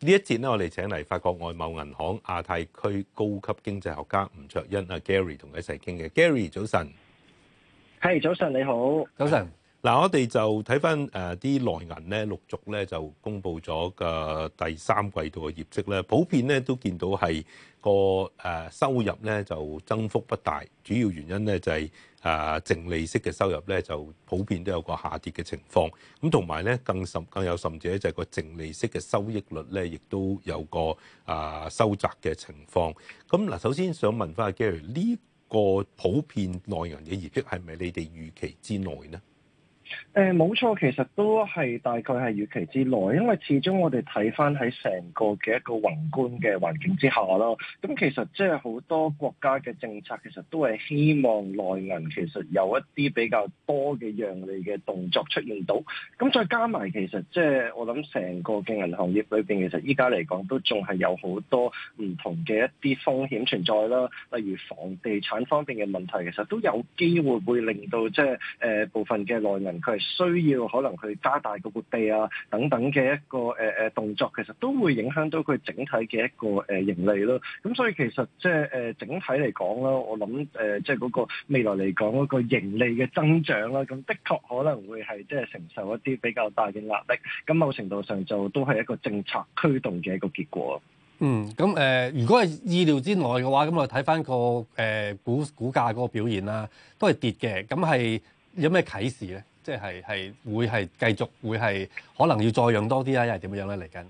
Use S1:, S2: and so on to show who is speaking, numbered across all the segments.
S1: 呢一節咧，我哋請嚟法國外貿銀行亞太區高級經濟學家吳卓殷啊，Gary 同佢一齊傾嘅，Gary，早晨，係早
S2: 晨你好，
S1: 早晨。嗱，我哋就睇翻誒啲內銀咧，陸續咧就公佈咗個第三季度嘅業績咧，普遍咧都見到係個誒收入咧就增幅不大，主要原因咧就係誒淨利息嘅收入咧就普遍都有個下跌嘅情況，咁同埋咧更甚更有甚至就係個淨利息嘅收益率咧亦都有個啊、呃、收窄嘅情況。咁、啊、嗱，首先想問翻阿 Gary，呢個普遍內銀嘅業績係咪你哋預
S2: 期之內呢？誒，冇錯，其實都係大概係預期之內，因為始終我哋睇翻喺成個嘅一個宏觀嘅環境之下咯。咁其實即係好多國家嘅政策，其實都係希望內銀其實有一啲比較多嘅讓利嘅動作出現到。咁再加埋，其實即係我諗成個嘅銀行業裏邊，其實依家嚟講都仲係有好多唔同嘅一啲風險存在啦。例如房地產方面嘅問題，其實都有機會會令到即係誒部分嘅內銀。佢係需要可能去加大個撥備啊等等嘅一個誒誒、呃、動作，其實都會影響到佢整體嘅一個誒盈利咯。咁所以其實即係誒整體嚟講啦，我諗誒、呃、即係嗰個未來嚟講嗰個盈利嘅增長啦，咁的確可能會係即係承受一啲比較大嘅壓力。咁某程度上就都係一個政策驅動嘅一個結果。
S3: 嗯，咁誒、呃，如果係意料之內嘅話，咁我睇翻、那個誒、呃、股股價嗰個表現啦，都係跌嘅。咁係有咩啟示咧？即係係會係繼續，會係可能要再養多啲啊！因為點樣樣咧嚟緊。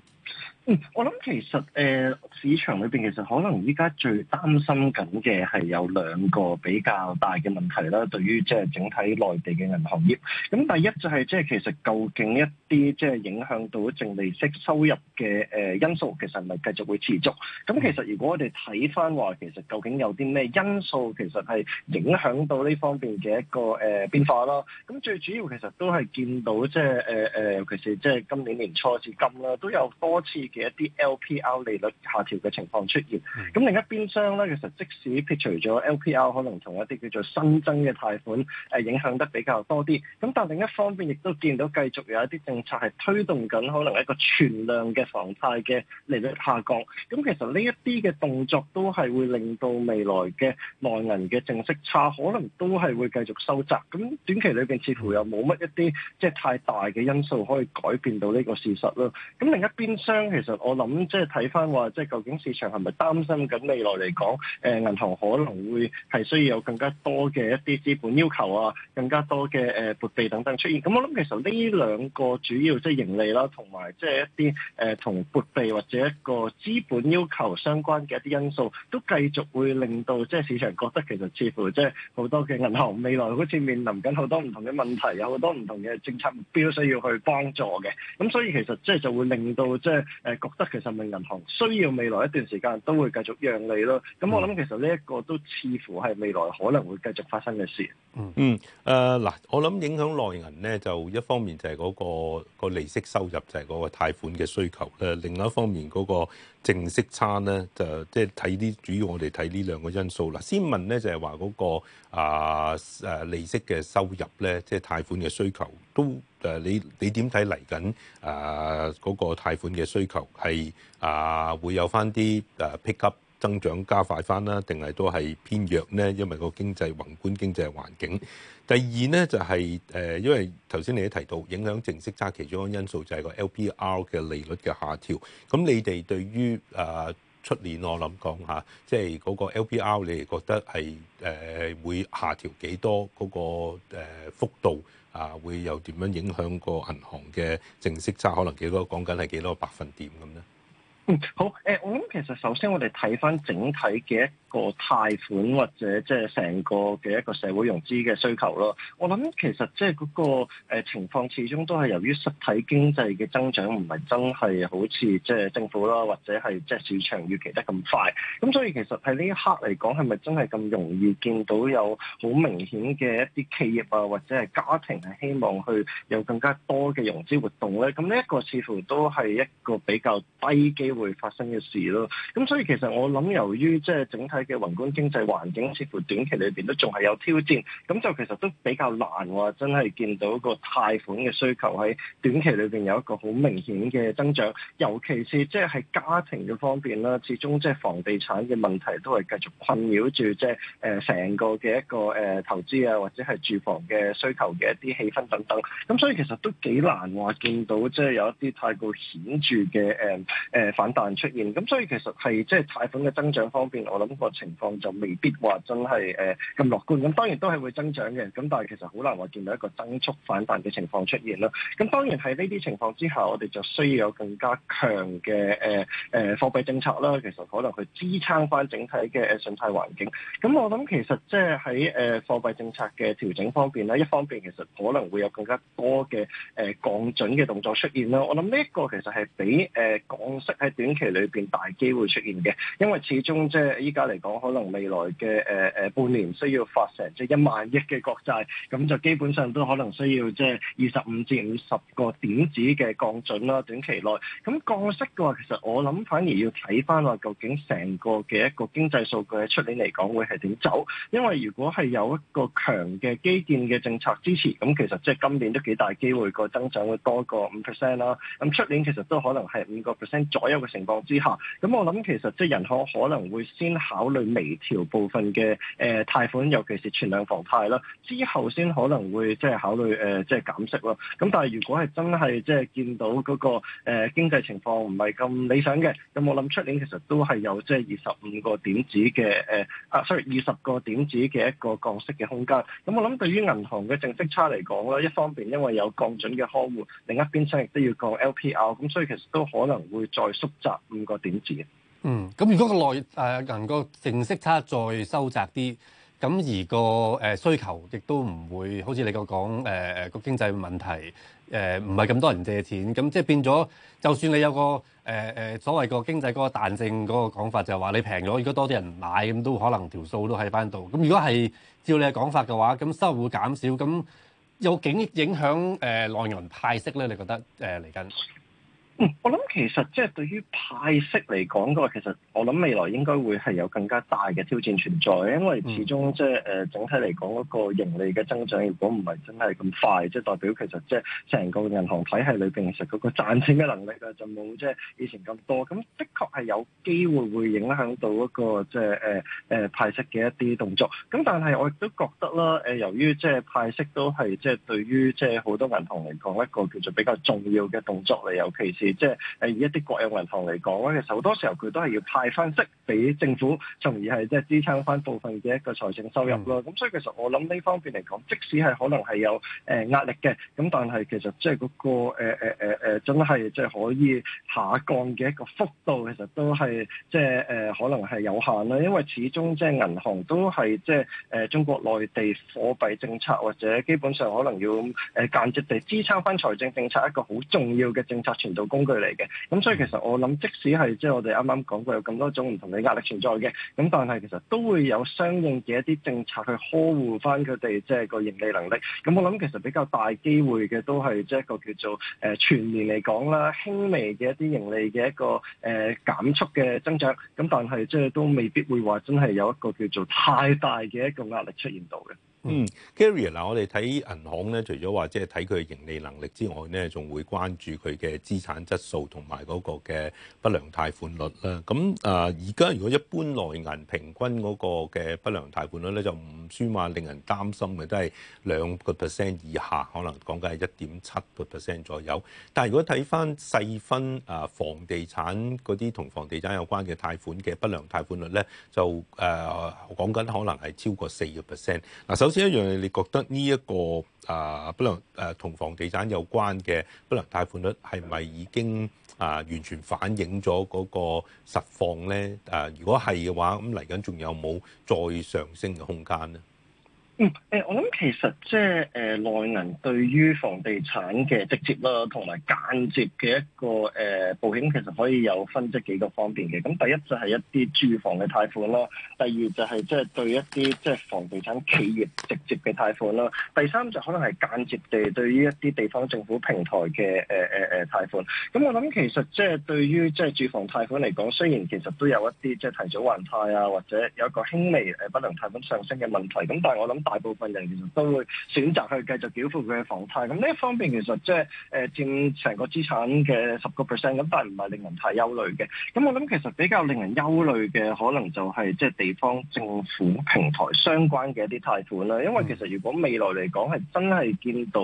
S2: 嗯、我諗其實誒、呃，市場裏邊其實可能依家最擔心緊嘅係有兩個比較大嘅問題啦，對於即係整體內地嘅銀行業，咁第一就係即係其實究竟一啲即係影響到淨利息收入嘅誒、呃、因素，其實係咪繼續會持續？咁其實如果我哋睇返話，其實究竟有啲咩因素其實係影響到呢方面嘅一個誒、呃、變化啦？咁最主要其實都係見到即係誒誒，其實是即係今年年初至今啦，都有多次。一啲 LPR 利率下調嘅情況出現，嗯，咁另一邊廂咧，其實即使撇除咗 LPR，可能同一啲叫做新增嘅貸款誒影響得比較多啲，咁但另一方面亦都見到繼續有一啲政策係推動緊可能一個存量嘅房貸嘅利率下降，咁其實呢一啲嘅動作都係會令到未來嘅內銀嘅淨息差可能都係會繼續收窄，咁短期裏邊似乎又冇乜一啲即係太大嘅因素可以改變到呢個事實咯，咁另一邊廂其實。我諗即係睇翻話，即係究竟市場係咪擔心緊未來嚟講，誒銀行可能會係需要有更加多嘅一啲資本要求啊，更加多嘅誒撥備等等出現。咁我諗其實呢兩個主要即係盈利啦，同埋即係一啲誒同撥備或者一個資本要求相關嘅一啲因素，都繼續會令到即係市場覺得其實似乎即係好多嘅銀行未來好似面臨緊好多唔同嘅問題，有好多唔同嘅政策目標需要去幫助嘅。咁所以其實即係就會令到即係。誒覺得其實咪銀行需要未來一段時間都會繼續讓利咯，咁我諗其實呢一個都似乎係未來可能會繼續發生嘅事嗯。嗯，
S1: 誒、呃、嗱，我諗影響內銀咧，就一方面就係嗰個個利息收入就係嗰個貸款嘅需求咧，另外一方面嗰個正息差咧，就即係睇啲主要我哋睇呢兩個因素啦。先問咧就係話嗰個啊誒、呃、利息嘅收入咧，即係貸款嘅需求都。你你點睇嚟緊嗰個貸款嘅需求係啊會有翻啲、啊、pick up 增長加快翻啦，定係都係偏弱呢？因為個經濟宏觀經濟環境。第二呢，就係、是啊、因為頭先你都提到影響淨息差其中一個因素就係個 LPR 嘅利率嘅下調。咁你哋對於出、啊、年我諗講吓，即係嗰個 LPR 你哋覺得係誒、啊、會下調幾多嗰、那個、啊、幅度？啊，會有點樣影響個銀行嘅淨息差？可能幾多？講緊
S2: 係幾多百分點咁咧？好。我諗其實首先我哋睇翻整體嘅一個貸款或者即係成個嘅一個社會融資嘅需求咯。我諗其實即係嗰個誒情況，始終都係由於實體經濟嘅增長唔係真係好似即係政府啦，或者係即係市場預期得咁快。咁所以其實喺呢一刻嚟講，係咪真係咁容易見到有好明顯嘅一啲企業啊，或者係家庭係希望去有更加多嘅融資活動咧？咁呢一個似乎都係一個比較低機會會發生嘅事咯，咁所以其實我諗，由於即係整體嘅宏觀經濟環境，似乎短期裏邊都仲係有挑戰，咁就其實都比較難話真係見到一個貸款嘅需求喺短期裏邊有一個好明顯嘅增長，尤其是即係喺家庭嘅方面啦，始終即係房地產嘅問題都係繼續困擾住即係誒成個嘅一個誒投資啊或者係住房嘅需求嘅一啲氣氛等等，咁所以其實都幾難話見到即係有一啲太過顯著嘅誒誒。呃呃出現咁，所以其實係即係貸款嘅增長方面，我諗個情況就未必話真係誒咁樂觀。咁當然都係會增長嘅，咁但係其實好難話見到一個增速反彈嘅情況出現啦。咁當然喺呢啲情況之下，我哋就需要有更加強嘅誒誒貨幣政策啦。其實可能去支撐翻整體嘅信貸環境。咁我諗其實即係喺誒貨幣政策嘅調整方面咧，一方面其實可能會有更加多嘅誒、呃、降準嘅動作出現啦。我諗呢一個其實係比誒、呃、降息短期裏邊大機會出現嘅，因為始終即係依家嚟講，可能未來嘅誒誒半年需要發成即係一萬億嘅國債，咁就基本上都可能需要即係二十五至五十個點子嘅降準啦。短期內咁降息嘅話，其實我諗反而要睇返話，究竟成個嘅一個經濟數據喺出年嚟講會係點走？因為如果係有一個強嘅基建嘅政策支持，咁其實即係今年都幾大機會個增長會多過五 percent 啦。咁出年其實都可能係五個 percent 左右，嘅情況之下，咁我諗其實即係銀行可能會先考慮微調部分嘅誒貸款，尤其是存量房貸啦。之後先可能會即係考慮誒即係減息咯。咁但係如果係真係即係見到嗰個誒經濟情況唔係咁理想嘅，咁我諗出年其實都係有即係二十五個點子嘅誒啊，sorry 二十個點子嘅一個降息嘅空間。咁我諗對於銀行嘅淨息差嚟講咧，一方面因為有降準嘅呵護，另一邊廂亦都要降 LPR，咁所以其實都可能會再縮。集五個點嗯，
S3: 咁
S2: 如果個內誒銀
S3: 個淨息差再收窄啲，咁而個誒需求亦都唔會好似你個講誒誒個經濟問題，唔係咁多人借錢，咁即係變咗。就算你有個誒、呃、所謂個經濟個個彈性嗰個講法，就係、是、話你平咗，如果多啲人買，咁都可能條數都喺翻度。咁如果係照你嘅講法嘅話，咁收入會減少，咁有影影響誒內銀派息咧？你覺得誒嚟緊？呃
S2: 嗯，我諗其實即係對於派息嚟講，個其實我諗未來應該會係有更加大嘅挑戰存在，因為始終即係誒整體嚟講嗰個盈利嘅增長，如果唔係真係咁快，即係代表其實即係成個銀行體系裏邊，其實個賺錢嘅能力啊，就冇即係以前咁多。咁的確係有機會會影響到一個即係誒誒派息嘅一啲動作。咁但係我亦都覺得啦，誒由於即係派息都係即係對於即係好多銀行嚟講一個叫做比較重要嘅動作嚟，尤其是。即係誒以一啲國有銀行嚟講咧，其實好多時候佢都係要派翻息俾政府，從而係即係支撐翻部分嘅一個財政收入咯。咁、嗯、所以其實我諗呢方面嚟講，即使係可能係有誒壓力嘅，咁但係其實即係嗰個誒誒誒誒真係即係可以下降嘅一個幅度，其實都係即係誒可能係有限啦。因為始終即係銀行都係即係誒中國內地貨幣政策或者基本上可能要誒間接地支撐翻財政政策一個好重要嘅政策傳導工具嚟嘅，咁所以其實我諗，即使係即係我哋啱啱講過有咁多種唔同嘅壓力存在嘅，咁但係其實都會有相應嘅一啲政策去呵護返佢哋，即係個盈利能力。咁我諗其實比較大機會嘅都係即係一個叫做誒全年嚟講啦，輕微嘅一啲盈利嘅一個誒減速嘅增長。咁但係即係都未必會話真係有一個叫做太大嘅一個壓力出現到嘅。
S1: 嗯，Gary 嗱，我哋睇銀行咧，除咗話即係睇佢盈利能力之外咧，仲會關注佢嘅資產質素同埋嗰個嘅不良貸款率啦。咁啊，呃、而家如果一般內銀平均嗰個嘅不良貸款率咧，就唔算話令人擔心嘅，都係兩個 percent 以下，可能講緊係一點七個 percent 左右。但係如果睇翻細分啊，房地產嗰啲同房地產有關嘅貸款嘅不良貸款率咧，就誒講緊可能係超過四個 percent。嗱、呃、首首先一樣嘢，你覺得呢、這、一個啊不能誒同房地產有關嘅不良貸款率係咪已經啊完全反映咗嗰個實況咧？誒、啊，如果係嘅話，咁嚟緊仲有冇再上升嘅空間咧？
S2: 嗯，誒、欸，我諗其實即係誒，內銀對於房地產嘅直接啦，同埋間接嘅一個誒、呃、保險，其實可以有分即幾個方面嘅。咁第一就係一啲住房嘅貸款啦，第二就係即係對一啲即係房地產企業直接嘅貸款啦，第三就可能係間接地對於一啲地方政府平台嘅誒誒誒貸款。咁我諗其實即係對於即係住房貸款嚟講，雖然其實都有一啲即係提早還貸啊，或者有一個輕微誒不良貸款上升嘅問題，咁但係我諗，大部分人其實都會選擇去繼續繳付佢嘅房貸，咁呢一方面其實即係誒佔成個資產嘅十個 percent，咁但係唔係令人太憂慮嘅。咁我諗其實比較令人憂慮嘅可能就係即係地方政府平台相關嘅一啲貸款啦，因為其實如果未來嚟講係真係見到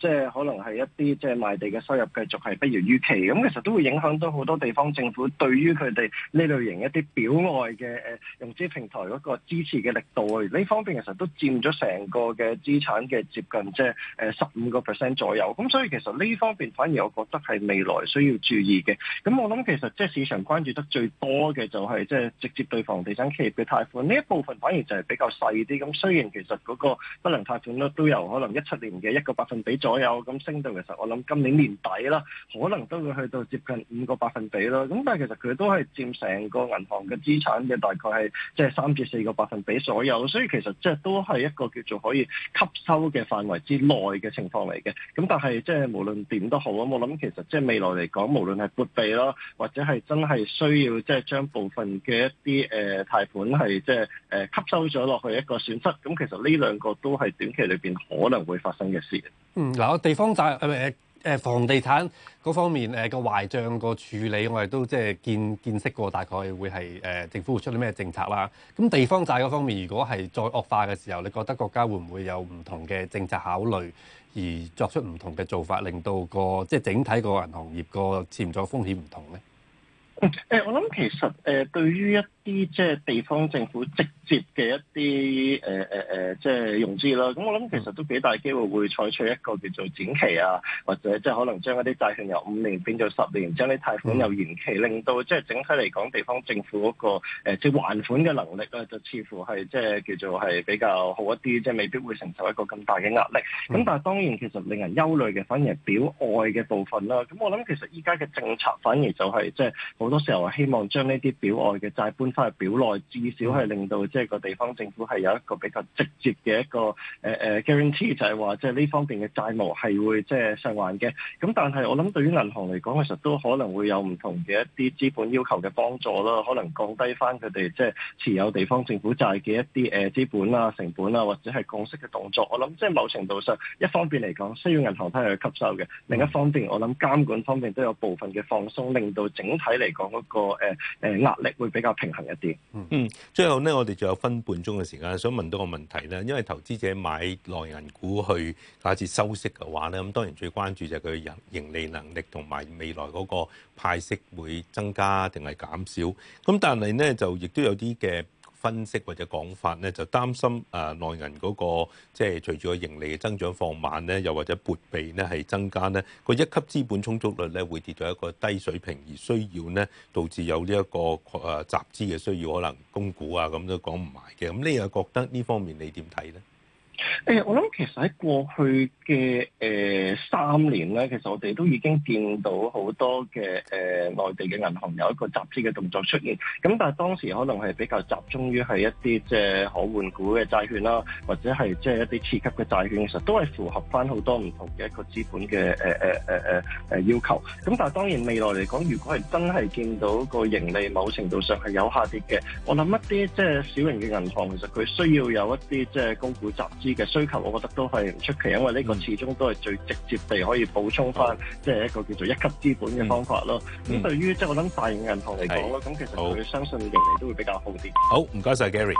S2: 即係、就是、可能係一啲即係賣地嘅收入繼續係不如預期，咁其實都會影響到好多地方政府對於佢哋呢類型一啲表外嘅誒融資平台嗰個支持嘅力度。呢方面其實都佔咗。成個嘅資產嘅接近即係誒十五個 percent 左右，咁所以其實呢方面反而我覺得係未來需要注意嘅。咁我諗其實即係市場關注得最多嘅就係即係直接對房地產企業嘅貸款呢一部分反而就係比較細啲。咁雖然其實嗰個不良貸款咧都有可能一七年嘅一個百分比左右咁升到，其實我諗今年年底啦，可能都會去到接近五個百分比咯。咁但係其實佢都係佔成個銀行嘅資產嘅大概係即係三至四個百分比左右，所以其實即係都係一個叫做可以吸收嘅範圍之內嘅情況嚟嘅，咁但係即係無論點都好，我諗其實即係未來嚟講，無論係撥備囉，或者係真係需要即係將部分嘅一啲誒貸款係即係誒、呃、吸收咗落去一個損失，咁、嗯、其實呢兩個都係短期裏邊可能會發生嘅事。
S3: 嗯，嗱，地方債、就、誒、係。呃誒房地產嗰方面，誒、個壞帳、個處理，我哋都即係見見識過，大概會係誒、呃、政府會出啲咩政策啦。咁地方債嗰方面，如果係再惡化嘅時候，你覺得國家會唔會有唔同嘅政策考慮，而作出唔同嘅做法，令到個即係、就是、整體個銀行業個潛在風險唔同咧？
S2: 誒、呃，我諗其實誒、呃、對於一。啲即係地方政府直接嘅一啲誒誒誒，即係融資啦。咁、呃呃、我諗其實都幾大機會會採取一個叫做展期啊，或者即係可能將一啲債券由五年變做十年，將啲貸款又延期，令到即係整體嚟講，地方政府嗰、那個、呃、即係還款嘅能力咧，就似乎係即係叫做係比較好一啲，即係未必會承受一個咁大嘅壓力。咁但係當然其實令人憂慮嘅，反而係表外嘅部分啦。咁我諗其實依家嘅政策反而就係即係好多時候希望將呢啲表外嘅債搬。係表內至少係令到即係個地方政府係有一個比較直接嘅一個誒誒 guarantee，就係話即係呢方面嘅債務係會即係償還嘅。咁但係我諗對於銀行嚟講，其實都可能會有唔同嘅一啲資本要求嘅幫助啦，可能降低翻佢哋即係持有地方政府債嘅一啲誒資本啊、成本啊，或者係降息嘅動作。我諗即係某程度上，一方面嚟講需要銀行批去吸收嘅，另一方面我諗監管方面都有部分嘅放鬆，令到整體嚟講嗰個誒誒壓力會比較平衡。一啲嗯，最後咧，我
S1: 哋仲有分半鐘嘅時，時間，想問多個問題咧。因為投資者買內銀股去假設收息嘅話咧，咁當然最關注就係佢盈盈利能力同埋未來嗰個派息會增加定係減少。咁但係咧，就亦都有啲嘅。分析或者講法咧，就擔心誒、呃、內銀嗰、嗰個即係隨住個盈利嘅增長放慢咧，又或者撥備咧係增加咧，嗰個一級資本充足率咧會跌到一個低水平，而需要咧導致有呢、呢、一個、呃、集資嘅需要，可能供股啊咁都講唔埋嘅。咁你又覺得呢方面你點睇咧？
S2: 誒、欸，我諗其實喺過去嘅誒三年咧，其實我哋都已經見到好多嘅誒內地嘅銀行有一個集資嘅動作出現。咁但係當時可能係比較集中於係一啲即係可換股嘅債券啦，或者係即係一啲次級嘅債券，其實都係符合翻好多唔同嘅一個資本嘅誒誒誒誒誒要求。咁但係當然未來嚟講，如果係真係見到個盈利某程度上係有下跌嘅，我諗一啲即係小型嘅銀行，的銀行其實佢需要有一啲即係供股集資嘅。需求我覺得都係唔出奇，因為呢個始終都係最直接地可以補充翻，即係一個叫做一級資本嘅方法咯。咁、嗯嗯、對於即係我諗大型銀行嚟講咧，咁其實佢相信盈利都會比較好啲。
S1: 好，唔該晒 Gary。